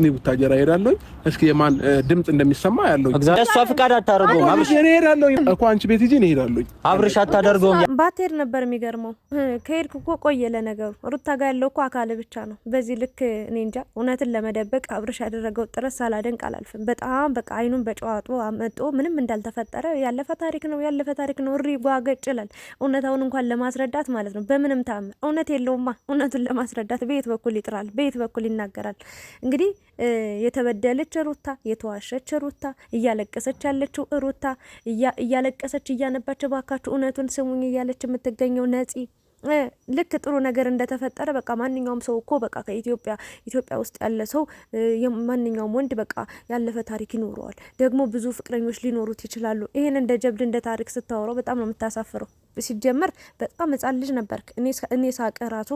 እኔ ቡታጀራ እሄዳለሁ። እስኪ የማን ድምፅ እንደሚሰማ ያለው እሷ ፍቃድ አታደርገውም። አብርሽ እኔ እሄዳለሁ እኮ አንቺ ቤት ሂጂ እኔ እሄዳለሁ። አብርሽ አታደርገውም። ባትሄድ ነበር የሚገርመው። ከሄድክ እኮ ቆየ። ለነገሩ ሩታ ጋር ያለው እኮ አካል ብቻ ነው። በዚህ ልክ እኔ እንጃ። እውነትን ለመደበቅ አብርሽ ያደረገው ጥረት ሳላደንቅ አላልፍም። በጣም በቃ አይኑን በጨዋጦ አመጦ ምንም እንዳልተፈጠረ ያለፈ ታሪክ ነው ያለፈ ታሪክ ነው። እሪ ጓገጭ ይላል። እውነታውን እንኳን ለማስረዳት ማለት ነው በምንም ታምር እውነት የለውማ። እውነቱን ለማስረዳት በየት በኩል ይጥራል፣ በየት በኩል ይናገራል እንግዲህ የተበደለች ሩታ፣ የተዋሸች ሩታ፣ እያለቀሰች ያለችው ሩታ፣ እያለቀሰች እያነባች ባካችሁ እውነቱን ስሙኝ እያለች የምትገኘው ነፂ ልክ ጥሩ ነገር እንደተፈጠረ በቃ ማንኛውም ሰው እኮ በቃ ከኢትዮጵያ ኢትዮጵያ ውስጥ ያለ ሰው ማንኛውም ወንድ በቃ ያለፈ ታሪክ ይኖረዋል። ደግሞ ብዙ ፍቅረኞች ሊኖሩት ይችላሉ። ይህን እንደ ጀብድ እንደ ታሪክ ስታወራው በጣም ነው የምታሳፍረው። ሲጀመር በጣም ሕጻን ልጅ ነበርክ። እኔ ሳቀ ራሱ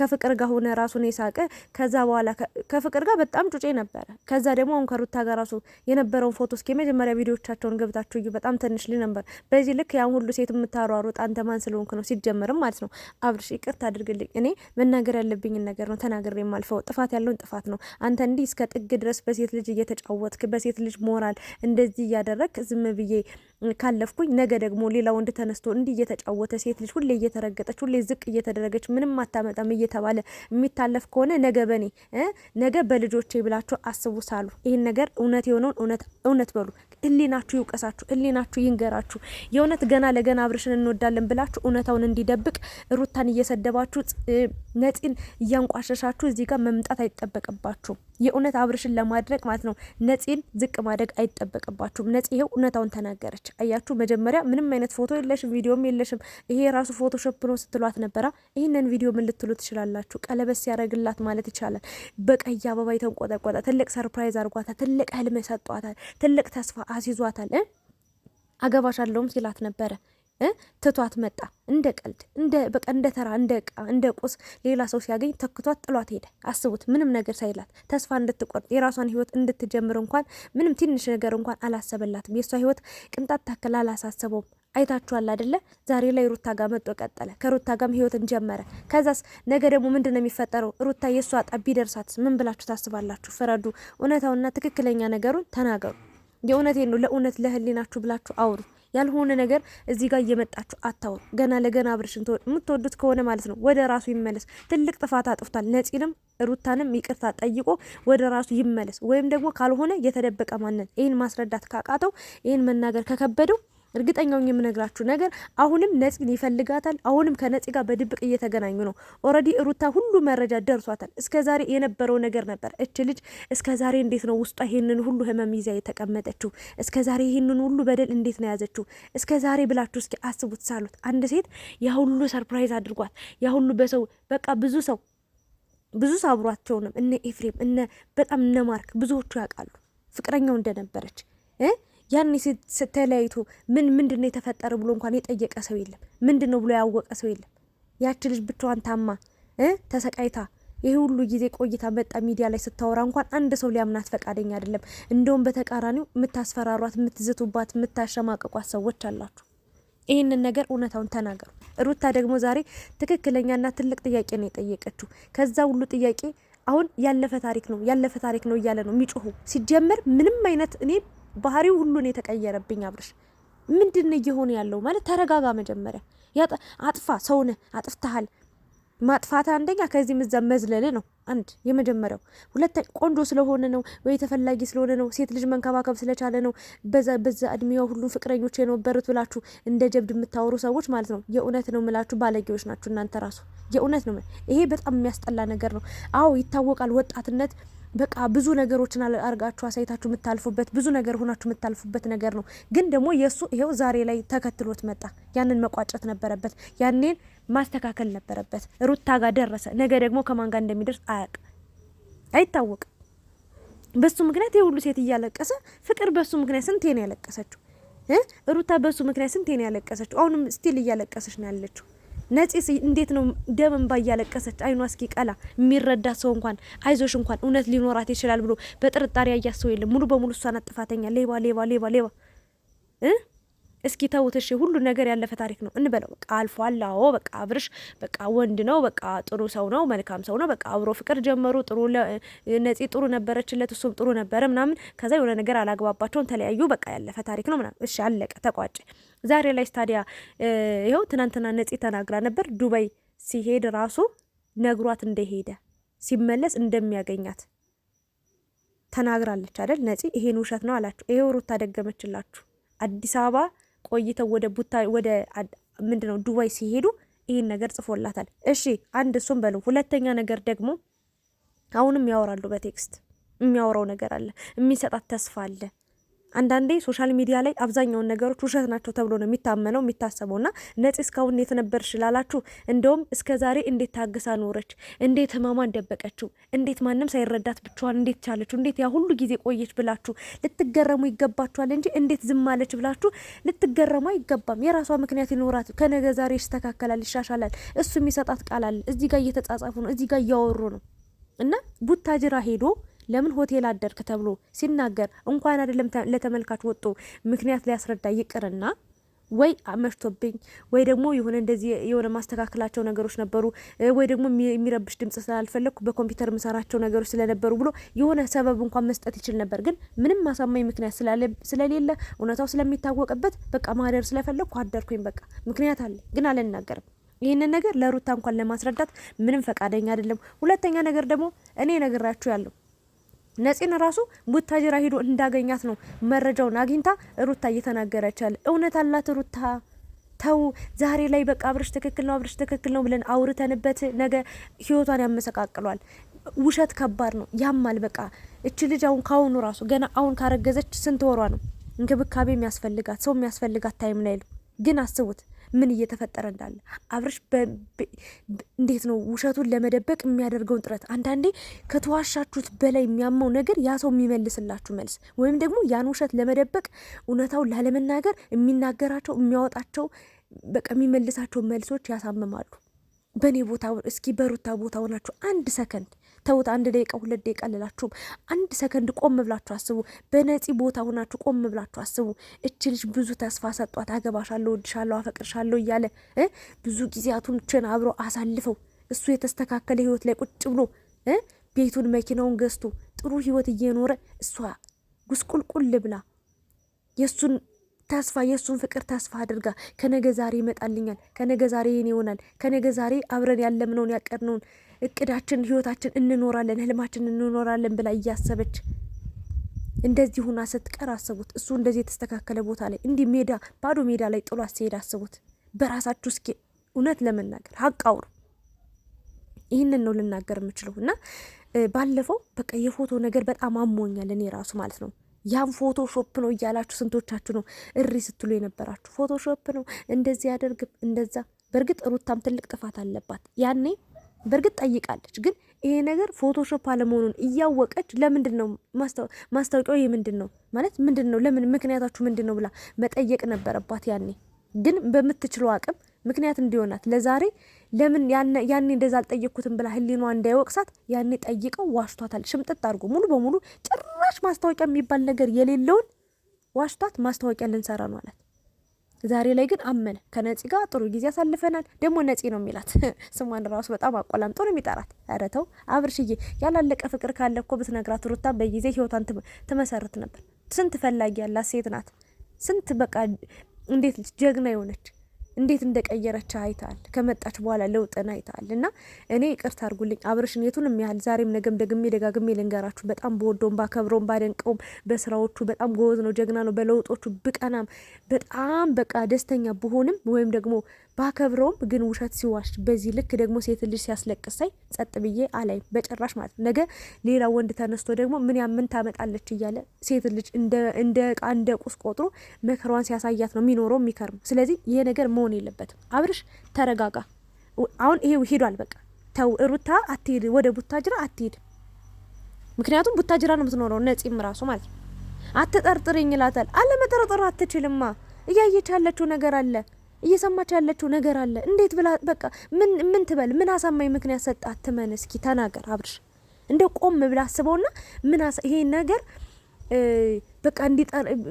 ከፍቅር ጋር ሆነ ራሱን የሳቀ ከዛ በኋላ ከፍቅር ጋር በጣም ጩጬ ነበረ። ከዛ ደግሞ አሁን ከሩታ ጋር ራሱ የነበረውን ፎቶ እስኪ መጀመሪያ ቪዲዮቻቸውን ገብታችሁ እዩ። በጣም ትንሽ ልጅ ነበር። በዚህ ልክ ያን ሁሉ ሴት የምታሯሩጥ አንተ ማን ስለሆንክ ነው? ሲጀመርም ማለት ነው አብርሽ፣ ይቅርታ አድርግልኝ። እኔ መናገር ያለብኝን ነገር ነው ተናግሬ የማልፈው። ጥፋት ያለውን ጥፋት ነው። አንተ እንዲህ እስከ ጥግ ድረስ በሴት ልጅ እየተጫወትክ በሴት ልጅ ሞራል እንደዚህ እያደረግክ ዝም ብዬ ካለፍኩኝ ነገ ደግሞ ሌላ ወንድ ተነስቶ እንዲህ እየተጫወተ ሴት ልጅ ሁሌ እየተረገጠች ሁሌ ዝቅ እየተደረገች ምንም አታመጣም ምናምን እየተባለ የሚታለፍ ከሆነ ነገ በኔ ነገ በልጆቼ ብላችሁ አስቡ ሳሉ ይህን ነገር እውነት የሆነውን እውነት እውነት በሉ። ህሊናችሁ ይውቀሳችሁ፣ ህሊናችሁ ይንገራችሁ። የእውነት ገና ለገና አብርሽን እንወዳለን ብላችሁ እውነታውን እንዲደብቅ ሩታን እየሰደባችሁ ነፂን እያንቋሸሻችሁ እዚህ ጋር መምጣት አይጠበቅባችሁም። የእውነት አብርሽን ለማድረግ ማለት ነው ነፂን ዝቅ ማድረግ አይጠበቅባችሁም። ነፂ ይሄው እውነታውን ተናገረች። አያችሁ መጀመሪያ ምንም አይነት ፎቶ የለሽም፣ ቪዲዮም የለሽም፣ ይሄ የራሱ ፎቶሾፕ ነው ስትሏት ነበራ። ይህንን ቪዲዮ ምን ልትሉ ትችላላችሁ? ቀለበት ሲያደርግላት ማለት ይቻላል በቀይ አበባ የተንቆጠቆጠ ትልቅ ሰርፕራይዝ አድርጓታል። ትልቅ ህልም ሰጧታል። ትልቅ ተስፋ አስይዟታል። አገባሻለሁም ሲላት ነበረ ትቷት መጣ። እንደ ቀልድ እንደ በቃ እንደ ተራ እንደ ዕቃ እንደ ቁስ ሌላ ሰው ሲያገኝ ተክቷት ጥሏት ሄደ። አስቡት፣ ምንም ነገር ሳይላት ተስፋ እንድትቆርጥ የራሷን ህይወት እንድትጀምር እንኳን ምንም ትንሽ ነገር እንኳን አላሰበላትም። የእሷ ህይወት ቅንጣት ታክል አላሳሰበውም። አይታችኋል አደለ? ዛሬ ላይ ሩታ ጋር መጦ ቀጠለ። ከሩታ ጋም ህይወትን ጀመረ። ከዛስ ነገ ደግሞ ምንድን ነው የሚፈጠረው? ሩታ የእሷ ጣቢ ደርሳት ምን ብላችሁ ታስባላችሁ? ፍረዱ። እውነታውና ትክክለኛ ነገሩን ተናገሩ። የእውነቴን ነው። ለእውነት ለህሊናችሁ ብላችሁ አውሩ። ያልሆነ ነገር እዚህ ጋር እየመጣችሁ አታውሩ። ገና ለገና አብርሽን የምትወዱት ከሆነ ማለት ነው ወደ ራሱ ይመለስ። ትልቅ ጥፋት አጥፍቷል። ነፂንም ሩታንም ይቅርታ ጠይቆ ወደ ራሱ ይመለስ፣ ወይም ደግሞ ካልሆነ የተደበቀ ማንን ይህን ማስረዳት ካቃተው ይህን መናገር ከከበደው እርግጠኛው የምነግራችሁ ነገር አሁንም ነፂን ይፈልጋታል። አሁንም ከነፂ ጋር በድብቅ እየተገናኙ ነው። ኦልሬዲ ሩታ ሁሉ መረጃ ደርሷታል። እስከዛሬ የነበረው ነገር ነበር። እች ልጅ እስከ ዛሬ እንዴት ነው ውስጧ ይህንን ሁሉ ህመም ይዛ የተቀመጠችው? እስከዛሬ ይህንን ሁሉ በደል እንዴት ነው ያዘችው? ዛሬ ብላችሁ እስኪ አስቡት። ሳሉት አንድ ሴት ያ ሁሉ ሰርፕራይዝ አድርጓት ያ ሁሉ በሰው በቃ ብዙ ሰው ብዙ ሰው አብሯቸውንም እነ ኤፍሬም እነ በጣም እነ ማርክ ብዙዎቹ ያውቃሉ ፍቅረኛው እንደነበረች እ ያኔ ተለያይቶ ምን ምንድን ነው የተፈጠረ ብሎ እንኳን የጠየቀ ሰው የለም። ምንድን ነው ብሎ ያወቀ ሰው የለም። ያቺ ልጅ ብቻዋን ታማ ተሰቃይታ ይህ ሁሉ ጊዜ ቆይታ መጣ ሚዲያ ላይ ስታወራ እንኳን አንድ ሰው ሊያምናት ፈቃደኛ አይደለም። እንደውም በተቃራኒው የምታስፈራሯት፣ የምትዝቱባት፣ የምታሸማቀቋት ሰዎች አላችሁ። ይህንን ነገር እውነታውን ተናገሩ። ሩታ ደግሞ ዛሬ ትክክለኛና ትልቅ ጥያቄ ነው የጠየቀችው። ከዛ ሁሉ ጥያቄ አሁን ያለፈ ታሪክ ነው ያለፈ ታሪክ ነው እያለ ነው የሚጮሁ ሲጀመር ምንም አይነት እኔ ባህሪው ሁሉን የተቀየረብኝ አብርሽ ምንድን ነው እየሆነ ያለው? ማለት ተረጋጋ መጀመሪያ። አጥፋ ሰውነ አጥፍተሃል። ማጥፋት አንደኛ ከዚህ ምዛ መዝለል ነው አንድ የመጀመሪያው። ሁለተኛ ቆንጆ ስለሆነ ነው ወይ ተፈላጊ ስለሆነ ነው ሴት ልጅ መንከባከብ ስለቻለ ነው። በዛ በዛ እድሜዋ ሁሉ ፍቅረኞች የነበሩት ብላችሁ እንደ ጀብድ የምታወሩ ሰዎች ማለት ነው። የእውነት ነው ምላችሁ ባለጌዎች ናችሁ እናንተ ራሱ። የእውነት ነው። ይሄ በጣም የሚያስጠላ ነገር ነው። አዎ ይታወቃል ወጣትነት በቃ ብዙ ነገሮችን አርጋችሁ አሳይታችሁ የምታልፉበት ብዙ ነገር ሆናችሁ የምታልፉበት ነገር ነው። ግን ደግሞ የእሱ ይሄው ዛሬ ላይ ተከትሎት መጣ። ያንን መቋጨት ነበረበት፣ ያኔን ማስተካከል ነበረበት። ሩታ ጋር ደረሰ። ነገ ደግሞ ከማን ጋር እንደሚደርስ አያቅ አይታወቅም። በሱ ምክንያት የሁሉ ሴት እያለቀሰ ፍቅር በሱ ምክንያት ስንቴ ነው ያለቀሰችው? ሩታ በሱ ምክንያት ስንቴ ነው ያለቀሰችው? አሁንም ስቲል እያለቀሰች ነው ያለችው። ነፂስ እንዴት ነው ደም እንባ እያለቀሰች አይኗ እስኪ ቀላ የሚረዳ ሰው እንኳን አይዞሽ እንኳን እውነት ሊኖራት ይችላል ብሎ በጥርጣሬ ያያት ሰው የለም። ሙሉ በሙሉ እሷ ናት ጥፋተኛ። ሌባ ሌባ ሌባ ሌባ። እስኪ ተውትሽ፣ ሁሉ ነገር ያለፈ ታሪክ ነው እንበለው። በቃ አልፏል። አዎ በቃ አብርሽ በቃ ወንድ ነው። በቃ ጥሩ ሰው ነው፣ መልካም ሰው ነው። በቃ አብሮ ፍቅር ጀመሩ። ጥሩ ነፂ ጥሩ ነበረችለት፣ እሱም ጥሩ ነበረ ምናምን። ከዛ የሆነ ነገር አላግባባቸውን፣ ተለያዩ። በቃ ያለፈ ታሪክ ነው ምናምን። እሺ አለቀ፣ ተቋጨ። ዛሬ ላይ ታዲያ ይኸው ትናንትና ነፂ ተናግራ ነበር። ዱባይ ሲሄድ ራሱ ነግሯት እንደሄደ ሲመለስ እንደሚያገኛት ተናግራለች አይደል? ነፂ ይሄን ውሸት ነው አላችሁ። ይሄው ሩታ ደገመችላችሁ። አዲስ አበባ ቆይተው ወደ ቡታ ወደ ምንድነው ዱባይ ሲሄዱ ይህን ነገር ጽፎላታል። እሺ አንድ እሱም በሉ። ሁለተኛ ነገር ደግሞ አሁንም ያወራሉ። በቴክስት የሚያወራው ነገር አለ፣ የሚሰጣት ተስፋ አለ። አንዳንዴ ሶሻል ሚዲያ ላይ አብዛኛውን ነገሮች ውሸት ናቸው ተብሎ ነው የሚታመነው የሚታሰበው። ና ነፂ እስካሁን የት ነበርሽ ላላችሁ፣ እንደውም እስከ ዛሬ እንዴት ታግሳ ኖረች፣ እንዴት ህመሟን ደበቀችው፣ እንዴት ማንም ሳይረዳት ብቻዋን እንዴት ቻለችው፣ እንዴት ያ ሁሉ ጊዜ ቆየች ብላችሁ ልትገረሙ ይገባችኋል እንጂ እንዴት ዝም አለች ብላችሁ ልትገረሙ አይገባም። የራሷ ምክንያት ይኖራት። ከነገ ዛሬ ይስተካከላል፣ ይሻሻላል። እሱ የሚሰጣት ቃል አለ። እዚህ ጋር እየተጻጻፉ ነው፣ እዚህ ጋር እያወሩ ነው እና ቡታጅራ ሄዶ ለምን ሆቴል አደርክ ተብሎ ሲናገር እንኳን አይደለም ለተመልካች ወጡ ምክንያት ሊያስረዳ ይቅርና ወይ አመሽቶብኝ ወይ ደግሞ የሆነ እንደዚህ የሆነ ማስተካከላቸው ነገሮች ነበሩ፣ ወይ ደግሞ የሚረብሽ ድምጽ ስላልፈለግኩ በኮምፒውተር ምሰራቸው ነገሮች ስለነበሩ ብሎ የሆነ ሰበብ እንኳን መስጠት ይችል ነበር። ግን ምንም ማሳማኝ ምክንያት ስለሌለ እውነታው ስለሚታወቅበት በቃ ማደር ስለፈለግኩ አደርኩኝ። በቃ ምክንያት አለ፣ ግን አልናገርም። ይህንን ነገር ለሩታ እንኳን ለማስረዳት ምንም ፈቃደኛ አይደለም። ሁለተኛ ነገር ደግሞ እኔ ነግራችሁ ያለው ነፂን ራሱ ቡታጅራ ሂዶ እንዳገኛት ነው መረጃውን አግኝታ ሩታ እየተናገረች ያለ። እውነት አላት ሩታ ተው ዛሬ ላይ በቃ አብርሽ ትክክል ነው አብርሽ ትክክል ነው ብለን አውርተንበት ነገ ህይወቷን ያመሰቃቅሏል። ውሸት ከባድ ነው፣ ያማል። በቃ እቺ ልጅ አሁን ካሁኑ ራሱ ገና አሁን ካረገዘች ስንት ወሯ ነው? እንክብካቤ የሚያስፈልጋት ሰው የሚያስፈልጋት ታይም ላይል ግን አስቡት ምን እየተፈጠረ እንዳለ አብርሽ እንዴት ነው ውሸቱን ለመደበቅ የሚያደርገውን ጥረት። አንዳንዴ ከተዋሻችሁት በላይ የሚያመው ነገር ያ ሰው የሚመልስላችሁ መልስ ወይም ደግሞ ያን ውሸት ለመደበቅ እውነታውን ላለመናገር የሚናገራቸው የሚያወጣቸው በቃ የሚመልሳቸው መልሶች ያሳምማሉ። በእኔ ቦታ እስኪ በሩታ ቦታ ሆናችሁ አንድ ሰከንድ ተውት። አንድ ደቂቃ ሁለት ደቂቃ ልላችሁም፣ አንድ ሰከንድ ቆም ብላችሁ አስቡ። በነጺ ቦታ ሁናችሁ ቆም ብላችሁ አስቡ። እች ልጅ ብዙ ተስፋ ሰጧት። አገባሻለሁ፣ ወድሻለሁ፣ አፈቅርሻለሁ እያለ ብዙ ጊዜያቶችን አብሮ አሳልፈው እሱ የተስተካከለ ህይወት ላይ ቁጭ ብሎ ቤቱን መኪናውን ገዝቶ ጥሩ ህይወት እየኖረ እሷ ጉስቁልቁል ብላ የእሱን ተስፋ የእሱን ፍቅር ተስፋ አድርጋ ከነገ ዛሬ ይመጣልኛል፣ ከነገ ዛሬ የኔ ይሆናል፣ ከነገ ዛሬ አብረን ያለምነውን ያቀድነውን እቅዳችን፣ ህይወታችን እንኖራለን፣ ህልማችን እንኖራለን ብላ እያሰበች እንደዚህ ሁና ስትቀር አሰቡት። እሱ እንደዚህ የተስተካከለ ቦታ ላይ እንዲህ ሜዳ ባዶ ሜዳ ላይ ጥሏት ሲሄድ አስቡት። በራሳችሁ እስኪ እውነት ለመናገር ሀቅ አውሩ። ይህንን ነው ልናገር የምችለው እና ባለፈው በቃ የፎቶ ነገር በጣም አሞኛል እኔ ራሱ ማለት ነው ያም ፎቶሾፕ ነው እያላችሁ ስንቶቻችሁ ነው እሪ ስትሉ የነበራችሁ? ፎቶሾፕ ነው እንደዚህ ያደርግም እንደዛ። በእርግጥ ሩታም ትልቅ ጥፋት አለባት ያኔ በእርግጥ ጠይቃለች፣ ግን ይሄ ነገር ፎቶሾፕ አለመሆኑን እያወቀች ለምንድን ነው ማስታወቂያው የምንድን ነው ማለት ምንድን ነው ለምን ምክንያታችሁ ምንድን ነው ብላ መጠየቅ ነበረባት ያኔ። ግን በምትችለው አቅም ምክንያት እንዲሆናት ለዛሬ ለምን ያኔ እንደዛ አልጠየቅኩትም ብላ ህሊኗ እንዳይወቅሳት ያኔ ጠይቀው ዋሽቷታል፣ ሽምጥጥ አድርጎ ሙሉ በሙሉ ጭር ጭራሽ ማስታወቂያ የሚባል ነገር የሌለውን ዋሽቷት ማስታወቂያ ልንሰራ ነው አላት። ዛሬ ላይ ግን አመነ። ከነፂ ጋር ጥሩ ጊዜ አሳልፈናል። ደግሞ ነፂ ነው የሚላት ስሟን ራሱ በጣም አቆላምጦ ነው የሚጠራት። ኧረ ተው አብርሽዬ፣ ያላለቀ ፍቅር ካለ እኮ ብትነግራት ሩታ በጊዜ ህይወቷን ትመሰርት ነበር። ስንት ፈላጊ ያላት ሴት ናት። ስንት በቃ እንዴት ጀግና የሆነች እንዴት እንደቀየረች አይታል። ከመጣች በኋላ ለውጥን አይታል። እና እኔ ይቅርታ አድርጉልኝ አብርሽን የቱንም ያህል ዛሬም ነገም ደግሜ ደጋግሜ ልንገራችሁ፣ በጣም በወዶም ባከብረውም ባደንቀውም በስራዎቹ በጣም ጎበዝ ነው፣ ጀግና ነው። በለውጦቹ ብቀናም በጣም በቃ ደስተኛ ብሆንም ወይም ደግሞ ባከብረውም ግን ውሸት ሲዋሽ በዚህ ልክ ደግሞ ሴት ልጅ ሲያስለቅሳይ ጸጥ ብዬ አላይም በጭራሽ ማለት ነው። ነገ ሌላ ወንድ ተነስቶ ደግሞ ምን ያምን ታመጣለች እያለ ሴት ልጅ እንደ ዕቃ እንደ ቁስ ቆጥሮ መከሯን ሲያሳያት ነው የሚኖረው የሚከርም። ስለዚህ ይሄ ነገር መሆን መሆን የለበትም። አብርሽ ተረጋጋ። አሁን ይሄ ሄዷል፣ በቃ ተው። ሩታ አትሄድ፣ ወደ ቡታጅራ አትሄድ። ምክንያቱም ቡታጅራ ነው የምትኖረው፣ ነፂም ራሱ ማለት ነው። አትጠርጥርኝ ይላታል። አለመጠርጠር አትችልማ። እያየች ያለችው ነገር አለ፣ እየሰማች ያለችው ነገር አለ። እንዴት ብላ በቃ ምን ምን ትበል? ምን አሳማኝ ምክንያት ሰጥ? አትመን። እስኪ ተናገር አብርሽ፣ እንደ ቆም ብላ አስበውና ምን ይሄ ነገር በቃ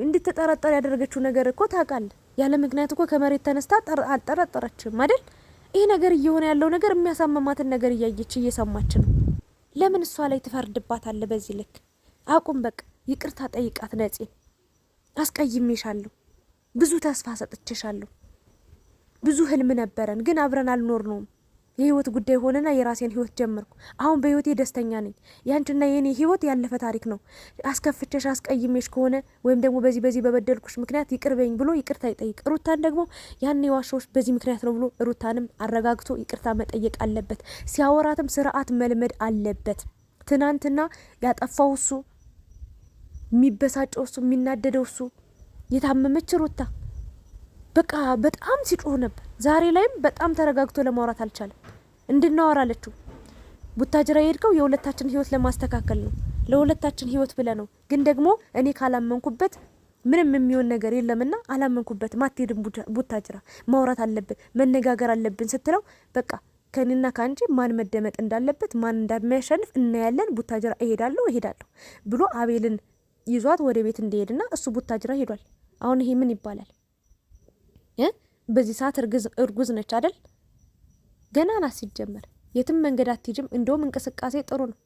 እንድትጠረጠር ያደረገችው ነገር እኮ ታውቃለህ ያለ ምክንያት እኮ ከመሬት ተነስታ አልጠረጠረችም አይደል? ይህ ነገር እየሆነ ያለው ነገር የሚያሳመማትን ነገር እያየች እየሰማች ነው። ለምን እሷ ላይ አለ በዚህ ልክ? አቁም በቃ ይቅርታ ጠይቃት። ነፂን አስቀይሜሻለሁ፣ ብዙ ተስፋ ሰጥቼሻለሁ፣ ብዙ ህልም ነበረን ግን አብረን አልኖር ነውም የህይወት ጉዳይ ሆነና የራሴን ህይወት ጀመርኩ። አሁን በህይወቴ ደስተኛ ነኝ። ያንችና የኔ ህይወት ያለፈ ታሪክ ነው። አስከፍቸሽ አስቀይሜሽ ከሆነ ወይም ደግሞ በዚህ በዚህ በበደልኩሽ ምክንያት ይቅርበኝ ብሎ ይቅርታ ይጠይቅ። ሩታን ደግሞ ያን የዋሻዎች በዚህ ምክንያት ነው ብሎ ሩታንም አረጋግቶ ይቅርታ መጠየቅ አለበት። ሲያወራትም ስርዓት መልመድ አለበት። ትናንትና ያጠፋው እሱ፣ የሚበሳጨው እሱ፣ የሚናደደው እሱ፣ የታመመች ሩታ በቃ በጣም ሲጮህ ነበር። ዛሬ ላይም በጣም ተረጋግቶ ለማውራት አልቻለም። እንድናወራ አለችው። ቡታጅራ የሄድከው የሁለታችን ህይወት ለማስተካከል ነው ለሁለታችን ህይወት ብለ ነው። ግን ደግሞ እኔ ካላመንኩበት ምንም የሚሆን ነገር የለምና አላመንኩበት ማትሄድም ቡታጅራ፣ ማውራት አለብን መነጋገር አለብን ስትለው በቃ ከኔና ከአንቺ ማን መደመጥ እንዳለበት ማን እንደሚያሸንፍ እናያለን። ቡታጅራ እሄዳለሁ እሄዳለሁ ብሎ አቤልን ይዟት ወደ ቤት እንዲሄድና እሱ ቡታጅራ ሄዷል። አሁን ይሄ ምን ይባላል? በዚህ ሰዓት እርጉዝ ነች አደል ገና ናት ሲጀመር የትም መንገድ አትሄጅም። እንደውም እንቅስቃሴ ጥሩ ነው።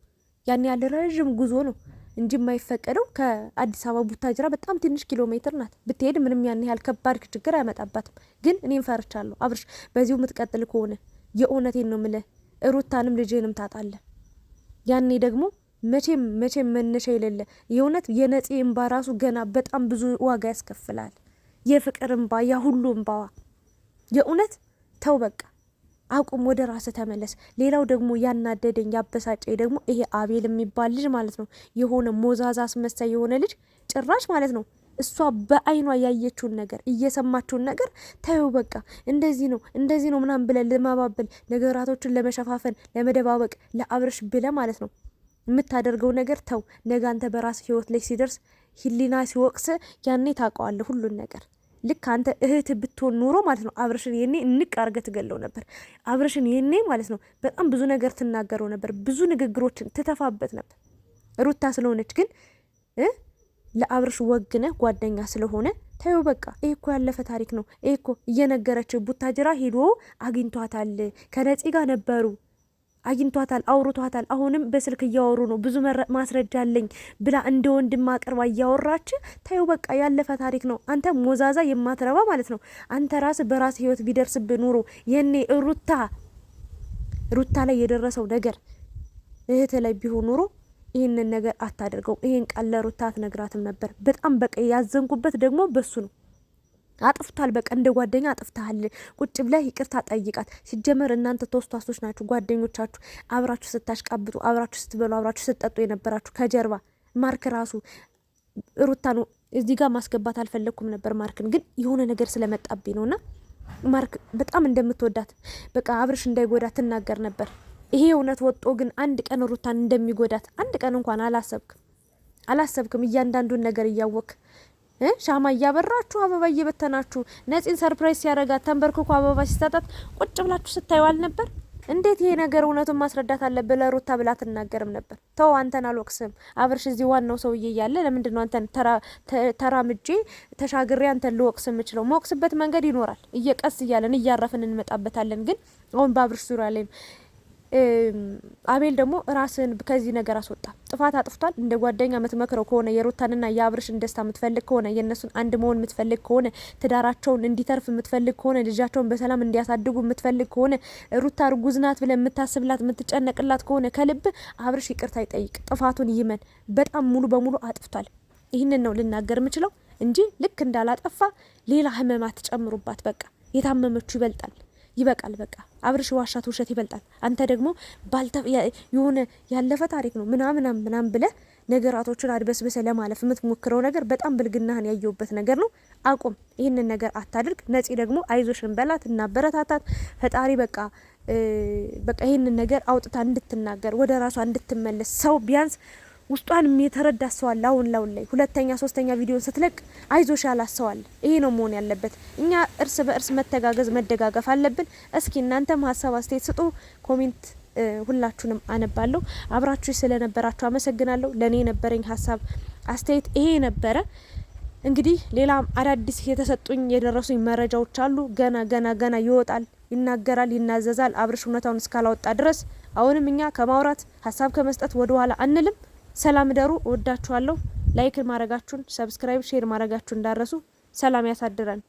ያን ያለ ረዥም ጉዞ ነው እንጂ የማይፈቀደው ከአዲስ አበባ ቡታጅራ በጣም ትንሽ ኪሎ ሜትር ናት። ብትሄድ ምንም ያን ያህል ከባድ ችግር አያመጣባትም። ግን እኔም ፈርቻለሁ አብርሽ፣ በዚሁ የምትቀጥል ከሆነ የእውነቴን ነው ምልህ፣ ሩታንም ልጅንም ታጣለ። ያኔ ደግሞ መቼም መቼም መነሻ የሌለ የእውነት የነጽ እምባ ራሱ ገና በጣም ብዙ ዋጋ ያስከፍላል። የፍቅር እምባ፣ ያ ሁሉ እምባዋ የእውነት ተው በቃ አቁም፣ ወደ ራስ ተመለስ። ሌላው ደግሞ ያናደደኝ ያበሳጨኝ ደግሞ ይሄ አቤል የሚባል ልጅ ማለት ነው የሆነ ሞዛዛ አስመሳይ የሆነ ልጅ ጭራሽ ማለት ነው እሷ በአይኗ ያየችውን ነገር እየሰማችውን ነገር ታየው። በቃ እንደዚህ ነው እንደዚህ ነው ምናምን ብለን ለማባበል ነገራቶችን ለመሸፋፈን ለመደባበቅ ለአብርሽ ብለ ማለት ነው የምታደርገው ነገር ተው። ነገ አንተ በራስ ህይወት ላይ ሲደርስ ህሊና ሲወቅስ ያኔ ታውቀዋለህ ሁሉን ነገር። ልክ አንተ እህት ብትሆን ኑሮ ማለት ነው አብረሽን ይህኔ እንቅ አርገ ትገለው ነበር። አብረሽን ይህኔ ማለት ነው በጣም ብዙ ነገር ትናገረው ነበር፣ ብዙ ንግግሮችን ትተፋበት ነበር። ሩታ ስለሆነች ግን ለአብረሽ ወግነ ጓደኛ ስለሆነ ተዩ በቃ ይሄ እኮ ያለፈ ታሪክ ነው። ይሄ እኮ እየነገረችው ቡታጅራ ሄዶ አግኝቷታል ከነፂ ጋር ነበሩ አግኝቷታል፣ አውርቷታል። አሁንም በስልክ እያወሩ ነው። ብዙ ማስረጃ አለኝ ብላ እንደ ወንድም አቅርባ እያወራች ታየው። በቃ ያለፈ ታሪክ ነው። አንተ ሞዛዛ የማትረባ ማለት ነው። አንተ ራስ በራስ ህይወት ቢደርስብ ኑሮ የኔ ሩታ ሩታ ላይ የደረሰው ነገር እህት ላይ ቢሆን ኑሮ ይህንን ነገር አታደርገው። ይህን ቃል ለሩታ አትነግራትም ነበር። በጣም በቃ ያዘንኩበት ደግሞ በሱ ነው። አጥፍቷል። በቃ እንደ ጓደኛ አጥፍታል። ቁጭ ብለህ ይቅርታ ጠይቃት። ሲጀመር እናንተ ተወስቷሶች ናችሁ። ጓደኞቻችሁ አብራችሁ ስታሽቃብጡ፣ አብራችሁ ስትበሉ፣ አብራችሁ ስትጠጡ የነበራችሁ ከጀርባ ማርክ ራሱ ሩታ ነው እዚህ ጋር ማስገባት አልፈለግኩም ነበር ማርክን፣ ግን የሆነ ነገር ስለመጣብኝ ነውና ማርክ በጣም እንደምትወዳት በቃ አብርሽ እንዳይጎዳት ትናገር ነበር። ይሄ እውነት ወጦ ግን አንድ ቀን ሩታን እንደሚጎዳት አንድ ቀን እንኳን አላሰብክም አላሰብክም እያንዳንዱን ነገር እያወክ ሻማ እያበራችሁ አበባ እየበተናችሁ ነፂን ሰርፕራይዝ ሲያደርጋት ተንበርክኮ አበባ ሲሰጣት ቁጭ ብላችሁ ስታዩ አልነበር? እንዴት ይሄ ነገር እውነቱን ማስረዳት አለብህ ለሩታ ብላ ትናገርም ነበር። ተው አንተን አልወቅስም አብርሽ፣ እዚህ ዋናው ሰውዬ እያለ ለምንድን ነው አንተን ተራምጄ ተሻግሬ አንተን ልወቅስ የምችለው? መወቅስበት መንገድ ይኖራል። እየቀስ እያለን እያረፍን እንመጣበታለን። ግን አሁን በአብርሽ ዙሪያ ላይ አቤል ደግሞ ራስን ከዚህ ነገር አስወጣ። ጥፋት አጥፍቷል። እንደ ጓደኛ የምትመክረው ከሆነ የሩታንና የአብርሽን ደስታ የምትፈልግ ከሆነ የእነሱን አንድ መሆን የምትፈልግ ከሆነ ትዳራቸውን እንዲተርፍ የምትፈልግ ከሆነ ልጃቸውን በሰላም እንዲያሳድጉ የምትፈልግ ከሆነ ሩታ እርጉዝ ናት የምታስብላት የምትጨነቅላት ከሆነ ከልብ አብርሽ ይቅርታ ይጠይቅ፣ ጥፋቱን ይመን። በጣም ሙሉ በሙሉ አጥፍቷል። ይህንን ነው ልናገር የምችለው እንጂ ልክ እንዳላጠፋ ሌላ ህመማት ጨምሩባት። በቃ የታመመችው ይበልጣል። ይበቃል። በቃ አብርሽ ዋሻት፣ ውሸት ይበልጣል። አንተ ደግሞ የሆነ ያለፈ ታሪክ ነው ምናምን ምናምን ብለ ነገራቶችን አድበስብሰ ለማለፍ የምትሞክረው ነገር በጣም ብልግናህን ያየውበት ነገር ነው። አቁም፣ ይህንን ነገር አታድርግ። ነጺ ደግሞ አይዞሽን በላት እና በረታታት። ፈጣሪ በቃ በቃ ይህንን ነገር አውጥታ እንድትናገር ወደ ራሷ እንድትመለስ ሰው ቢያንስ ውስጧን የተረዳ ሰዋል። አሁን ላሁን ላይ ሁለተኛ ሶስተኛ ቪዲዮን ስትለቅ አይዞሽ ያላ ይሄ ነው መሆን ያለበት። እኛ እርስ በእርስ መተጋገዝ መደጋገፍ አለብን። እስኪ እናንተም ሀሳብ አስተያየት ስጡ። ኮሜንት ሁላችሁንም አነባለሁ። አብራችሁ ስለነበራችሁ አመሰግናለሁ። ለእኔ የነበረኝ ሀሳብ አስተያየት ይሄ ነበረ። እንግዲህ ሌላ አዳዲስ የተሰጡኝ የደረሱኝ መረጃዎች አሉ። ገና ገና ገና ይወጣል፣ ይናገራል፣ ይናዘዛል አብርሽ እውነታውን እስካላወጣ ድረስ አሁንም እኛ ከማውራት ሀሳብ ከመስጠት ወደ ኋላ አንልም። ሰላም ደሩ። እወዳችኋለሁ። ላይክ ማድረጋችሁን፣ ሰብስክራይብ፣ ሼር ማድረጋችሁን እንዳረሱ። ሰላም ያሳድረን።